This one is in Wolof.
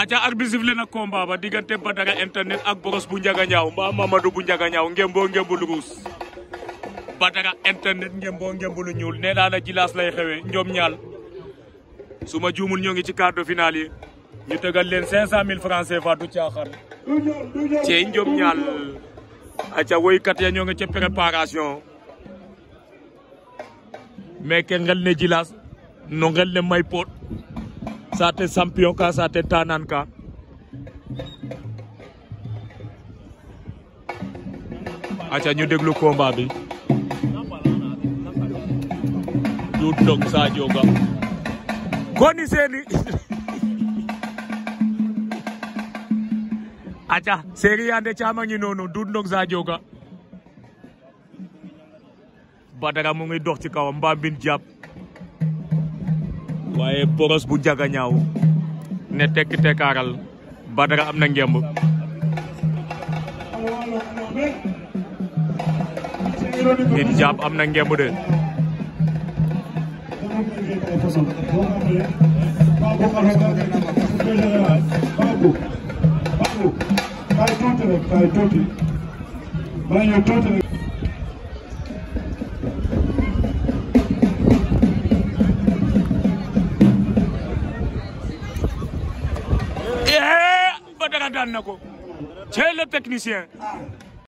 aca arbitre sifle na combat ba diggante Badara internet ak Brosse bu Njaga mbaa Mamadou bu Njaga Ñaaw ngembul ruus Badara internet ngemboo ngembulu ñuul nee naa la jilaas lay xewe ñoom ñaal su ma ñoo ngi ci quart de ñu tegal leen cinq cent mille francs CFA du aca woykat ya ñoo ngi ci préparation mais ke ngel jilaas no ngel may poot sate champion ka sate aca ñu déglu combat bi du dog Sadio Ga aca Seny Yandé Thiam a ngi noonu du dog Sadio Ga mu ngi dox ci kawam Mbambine Diap waye boros bu jaga ñaaw ne tek tekaral Badara am ngemb nit jàpp amna ngemb de Bago, bago, bago, डालने को छह लोग टेक्नीशियन